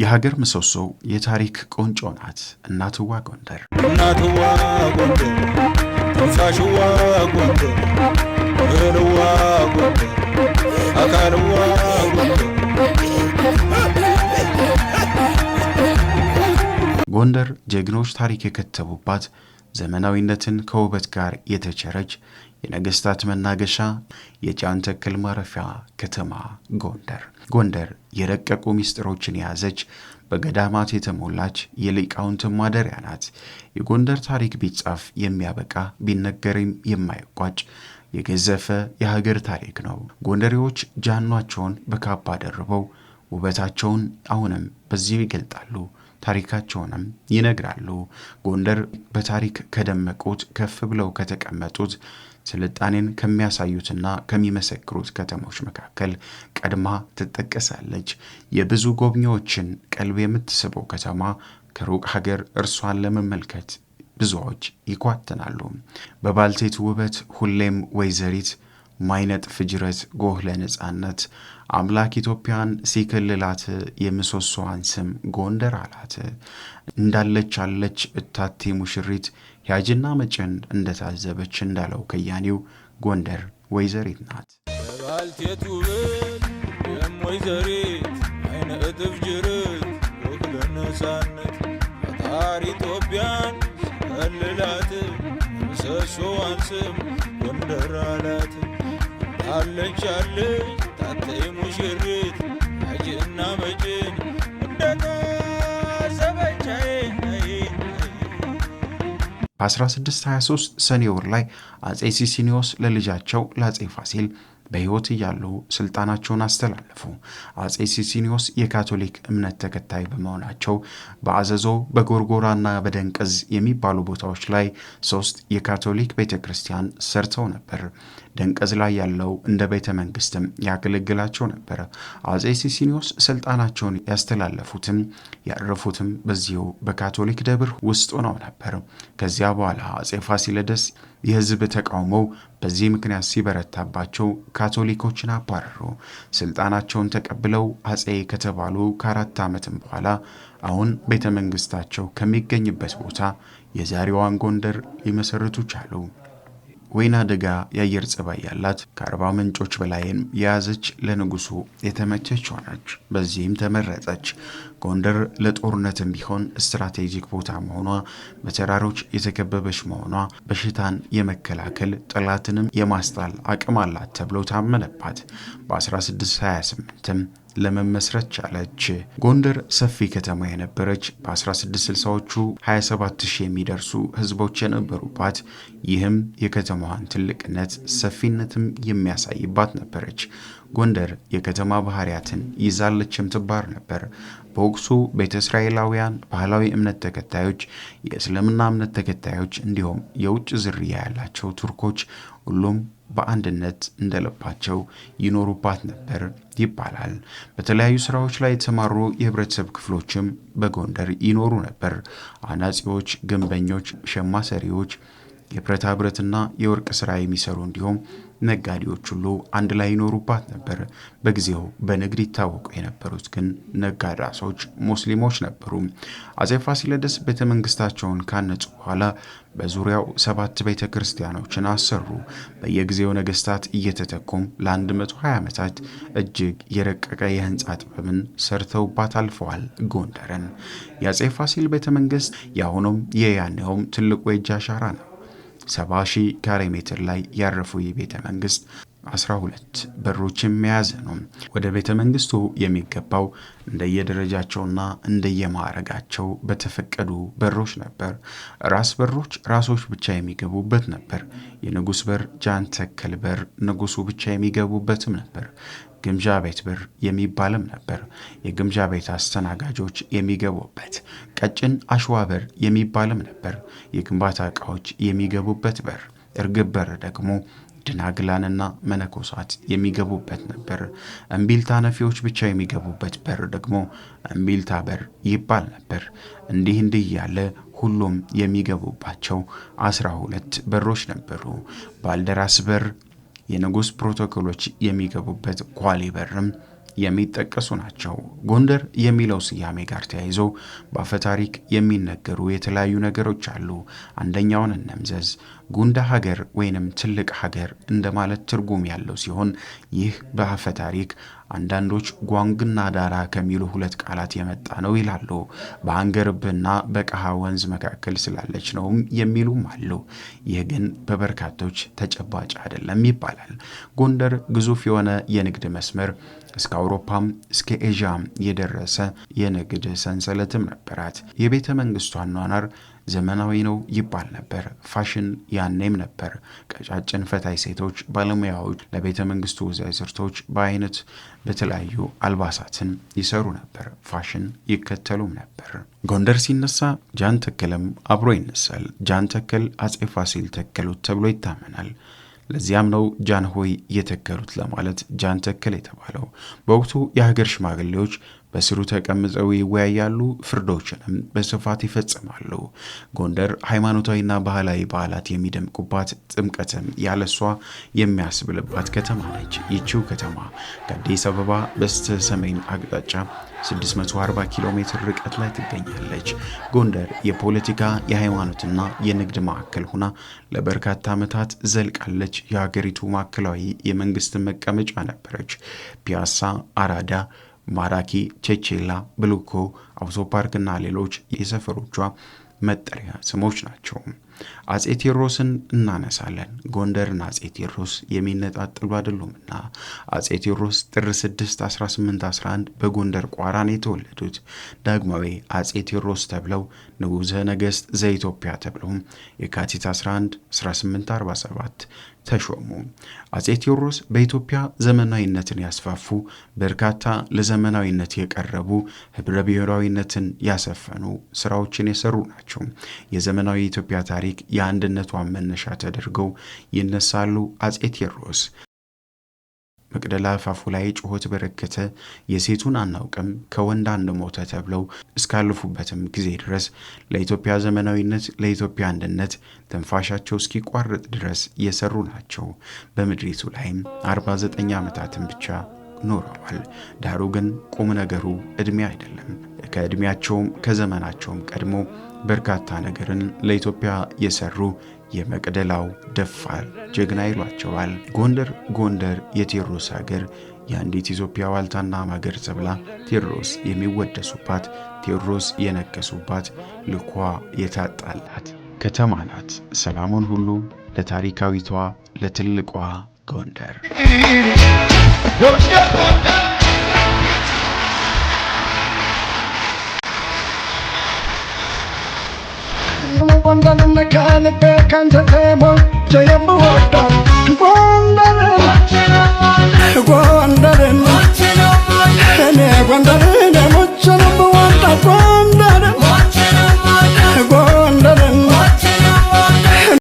የሀገር ምሰሶ፣ የታሪክ ቁንጮ ናት እናትዋ ጎንደር። እናትዋ ጎንደር፣ ተንሳሽዋ ጎንደር፣ እህልዋ ጎንደር፣ አካልዋ ጎንደር። ጎንደር ጀግኖች ታሪክ የከተቡባት ዘመናዊነትን ከውበት ጋር የተቸረች የነገስታት መናገሻ፣ የጫን ተክል ማረፊያ ከተማ ጎንደር። ጎንደር የረቀቁ ምስጢሮችን የያዘች በገዳማት የተሞላች የሊቃውንት ማደሪያ ናት። የጎንደር ታሪክ ቢጻፍ የሚያበቃ ቢነገርም የማይቋጭ የገዘፈ የሀገር ታሪክ ነው። ጎንደሬዎች ጃኗቸውን በካባ ደርበው ውበታቸውን አሁንም በዚህ ይገልጣሉ። ታሪካቸውንም ይነግራሉ። ጎንደር በታሪክ ከደመቁት ከፍ ብለው ከተቀመጡት ስልጣኔን ከሚያሳዩትና ከሚመሰክሩት ከተሞች መካከል ቀድማ ትጠቀሳለች። የብዙ ጎብኚዎችን ቀልብ የምትስበው ከተማ ከሩቅ ሀገር እርሷን ለመመልከት ብዙዎች ይኳትናሉ። በባልቴት ውበት ሁሌም ወይዘሪት ማይነጥፍ ጅረት ጎህ ለነጻነት አምላክ ኢትዮጵያን ሲክልላት የምሰሶዋን ስም ጎንደር አላት። እንዳለች አለች እታቴ ሙሽሪት ያጅና መጭን እንደታዘበች እንዳለው ከያኔው ጎንደር ወይዘሪት ናት። ባልቴቱ ብል ወይዘሪት አይነ እጥፍ ጎህ ለነጻነት ፈጣሪ ኢትዮጵያን የምሰሶዋን ስም ጎንደር አላት። አለች አለች ታቴ ሙሽሪት መጭና መጭን እንደታሰበቻዬ በ1623 ሰኔ ወር ላይ አጼ ሲሲኒዮስ ለልጃቸው ለአጼ ፋሲል በሕይወት እያሉ ስልጣናቸውን አስተላለፉ። አጼ ሲሲኒዮስ የካቶሊክ እምነት ተከታይ በመሆናቸው በአዘዞ በጎርጎራና በደንቀዝ የሚባሉ ቦታዎች ላይ ሶስት የካቶሊክ ቤተ ክርስቲያን ሰርተው ነበር። ደንቀዝ ላይ ያለው እንደ ቤተ መንግስትም ያገለግላቸው ነበር። አጼ ሲሲኒዮስ ስልጣናቸውን ያስተላለፉትም ያረፉትም በዚሁ በካቶሊክ ደብር ውስጥ ሆነው ነበር። ከዚያ በኋላ አጼ ፋሲለደስ የህዝብ ተቃውሞው በዚህ ምክንያት ሲበረታባቸው ካቶሊኮችን አባረሩ። ስልጣናቸውን ተቀብለው አፄ ከተባሉ ከአራት ዓመትም በኋላ አሁን ቤተ መንግስታቸው ከሚገኝበት ቦታ የዛሬዋን ጎንደር ሊመሰርቱ ቻሉ። ወይና ደጋ የአየር ጸባይ ያላት ከአርባ ምንጮች በላይን የያዘች ለንጉሱ የተመቸች ሆነች። በዚህም ተመረጠች። ጎንደር ለጦርነትም ቢሆን ስትራቴጂክ ቦታ መሆኗ፣ በተራሮች የተከበበች መሆኗ በሽታን የመከላከል ጠላትንም የማስጣል አቅም አላት ተብሎ ታመነባት። በ1628ም ለመመስረት ቻለች። ጎንደር ሰፊ ከተማ የነበረች በ1660ዎቹ 27000 የሚደርሱ ህዝቦች የነበሩባት ይህም የከተማዋን ትልቅነት ሰፊነትም የሚያሳይባት ነበረች። ጎንደር የከተማ ባህሪያትን ይዛለችም ትባር ነበር። በወቅቱ ቤተ እስራኤላውያን፣ ባህላዊ እምነት ተከታዮች፣ የእስልምና እምነት ተከታዮች እንዲሁም የውጭ ዝርያ ያላቸው ቱርኮች ሁሉም በአንድነት እንደልባቸው ይኖሩባት ነበር ይባላል። በተለያዩ ስራዎች ላይ የተሰማሩ የህብረተሰብ ክፍሎችም በጎንደር ይኖሩ ነበር። አናጺዎች፣ ግንበኞች፣ ሸማ ሰሪዎች የብረታ ብረትና የወርቅ ስራ የሚሰሩ እንዲሁም ነጋዴዎች ሁሉ አንድ ላይ ይኖሩባት ነበር። በጊዜው በንግድ ይታወቁ የነበሩት ግን ነጋድ ራሶች ሙስሊሞች ነበሩ። አፄ ፋሲለደስ ቤተ መንግስታቸውን ካነጹ በኋላ በዙሪያው ሰባት ቤተ ክርስቲያኖችን አሰሩ። በየጊዜው ነገስታት እየተተኩም ለ120 ዓመታት እጅግ የረቀቀ የህንፃ ጥበብን ሰርተውባት አልፈዋል። ጎንደርን የአፄ ፋሲል ቤተ መንግስት የአሁኑም የያኔውም ትልቁ የእጅ አሻራ ነው። 70 ሺህ ካሬ ሜትር ላይ ያረፉ ይህ መንግስት 12 በሮች የሚያዘ ነው። ወደ ቤተ መንግስቱ የሚገባው እንደየደረጃቸውና እንደየማዕረጋቸው በተፈቀዱ በሮች ነበር። ራስ በሮች ራሶች ብቻ የሚገቡበት ነበር። የንጉሥ በር፣ ጃን ተከል በር ንጉሱ ብቻ የሚገቡበትም ነበር። ግምጃ ቤት በር የሚባልም ነበር። የግምጃ ቤት አስተናጋጆች የሚገቡበት ቀጭን አሸዋ በር የሚባልም ነበር። የግንባታ ዕቃዎች የሚገቡበት በር እርግብ በር ደግሞ ደናግላንና መነኮሳት የሚገቡበት ነበር። እምቢልታ ነፊዎች ብቻ የሚገቡበት በር ደግሞ እምቢልታ በር ይባል ነበር። እንዲህ እንዲህ ያለ ሁሉም የሚገቡባቸው አስራ ሁለት በሮች ነበሩ። ባልደራስ በር፣ የንጉሥ ፕሮቶኮሎች የሚገቡበት ኳሊ በርም የሚጠቀሱ ናቸው። ጎንደር የሚለው ስያሜ ጋር ተያይዞ በአፈታሪክ የሚነገሩ የተለያዩ ነገሮች አሉ። አንደኛውን እነምዘዝ። ጉንዳ ሀገር ወይንም ትልቅ ሀገር እንደማለት ትርጉም ያለው ሲሆን ይህ በአፈ ታሪክ አንዳንዶች ጓንግና ዳራ ከሚሉ ሁለት ቃላት የመጣ ነው ይላሉ። በአንገርብና በቀሃ ወንዝ መካከል ስላለች ነውም የሚሉም አሉ። ይህ ግን በበርካቶች ተጨባጭ አይደለም ይባላል። ጎንደር ግዙፍ የሆነ የንግድ መስመር እስከ አውሮፓም እስከ ኤዥያም የደረሰ የንግድ ሰንሰለትም ነበራት። የቤተ መንግስቱ አኗኗር ዘመናዊ ነው ይባል ነበር። ፋሽን ያኔም ነበር። ቀጫጭን ፈታይ ሴቶች ባለሙያዎች ለቤተ መንግስቱ ዘዝርቶች በአይነት በተለያዩ አልባሳትን ይሰሩ ነበር። ፋሽን ይከተሉም ነበር። ጎንደር ሲነሳ ጃን ተክልም አብሮ ይነሳል። ጃን ተክል አጼ ፋሲል ተከሉት ተብሎ ይታመናል። ለዚያም ነው ጃንሆይ የተከሉት ለማለት ጃን ተከል የተባለው። በወቅቱ የሀገር ሽማግሌዎች በስሩ ተቀምጠው ይወያያሉ፣ ፍርዶችንም በስፋት ይፈጽማሉ። ጎንደር ሃይማኖታዊና ባህላዊ በዓላት የሚደምቁባት ጥምቀትም ያለሷ የሚያስብልባት ከተማ ነች። ይቺው ከተማ ከአዲስ አበባ በስተ ሰሜን አቅጣጫ 640 ኪሎ ሜትር ርቀት ላይ ትገኛለች። ጎንደር የፖለቲካ የሃይማኖትና የንግድ ማዕከል ሆና ለበርካታ ዓመታት ዘልቃለች። የሀገሪቱ ማዕከላዊ የመንግስት መቀመጫ ነበረች። ፒያሳ፣ አራዳ፣ ማራኪ፣ ቼቼላ፣ ብሉኮ፣ አውቶፓርክና ሌሎች የሰፈሮቿ መጠሪያ ስሞች ናቸው። አጼ ቴዎድሮስን እናነሳለን። ጎንደርና አጼ ቴዎድሮስ የሚነጣጥሉ አይደሉምና። አጼ ቴዎድሮስ ጥር 6 1811 በጎንደር ቋራን የተወለዱት ዳግማዊ አጼ ቴዎድሮስ ተብለው ንጉሠ ነገሥት ዘኢትዮጵያ ተብለውም የካቲት 11 1847 ተሾሙ። አጼ ቴዎድሮስ በኢትዮጵያ ዘመናዊነትን ያስፋፉ በርካታ ለዘመናዊነት የቀረቡ ህብረ ብሔራዊነትን ያሰፈኑ ስራዎችን የሰሩ ናቸው። የዘመናዊ ኢትዮጵያ ታሪክ ታሪክ የአንድነቷን መነሻ ተደርገው ይነሳሉ። አጼ ቴዎድሮስ መቅደላ አፋፉ ላይ ጩኸት በረከተ፣ የሴቱን አናውቅም ከወንድ አንድ ሞተ ተብለው እስካለፉበትም ጊዜ ድረስ ለኢትዮጵያ ዘመናዊነት፣ ለኢትዮጵያ አንድነት ትንፋሻቸው እስኪቋርጥ ድረስ የሰሩ ናቸው። በምድሪቱ ላይም 49 ዓመታትን ብቻ ኖረዋል። ዳሩ ግን ቁም ነገሩ ዕድሜ አይደለም። ከዕድሜያቸውም ከዘመናቸውም ቀድሞ በርካታ ነገርን ለኢትዮጵያ የሰሩ የመቅደላው ደፋር ጀግና ይሏቸዋል። ጎንደር ጎንደር የቴዎድሮስ ሀገር የአንዲት ኢትዮጵያ ዋልታና ማገር ተብላ ቴዎድሮስ የሚወደሱባት ቴዎድሮስ የነገሱባት ልኳ የታጣላት ከተማ ናት። ሰላሙን ሁሉ ለታሪካዊቷ ለትልቋ ጎንደር እንዳልነካ ልቤ ካንተ ሞቼ የምወዳት ጎንደርን ጎንደርን እኔ ጎንደር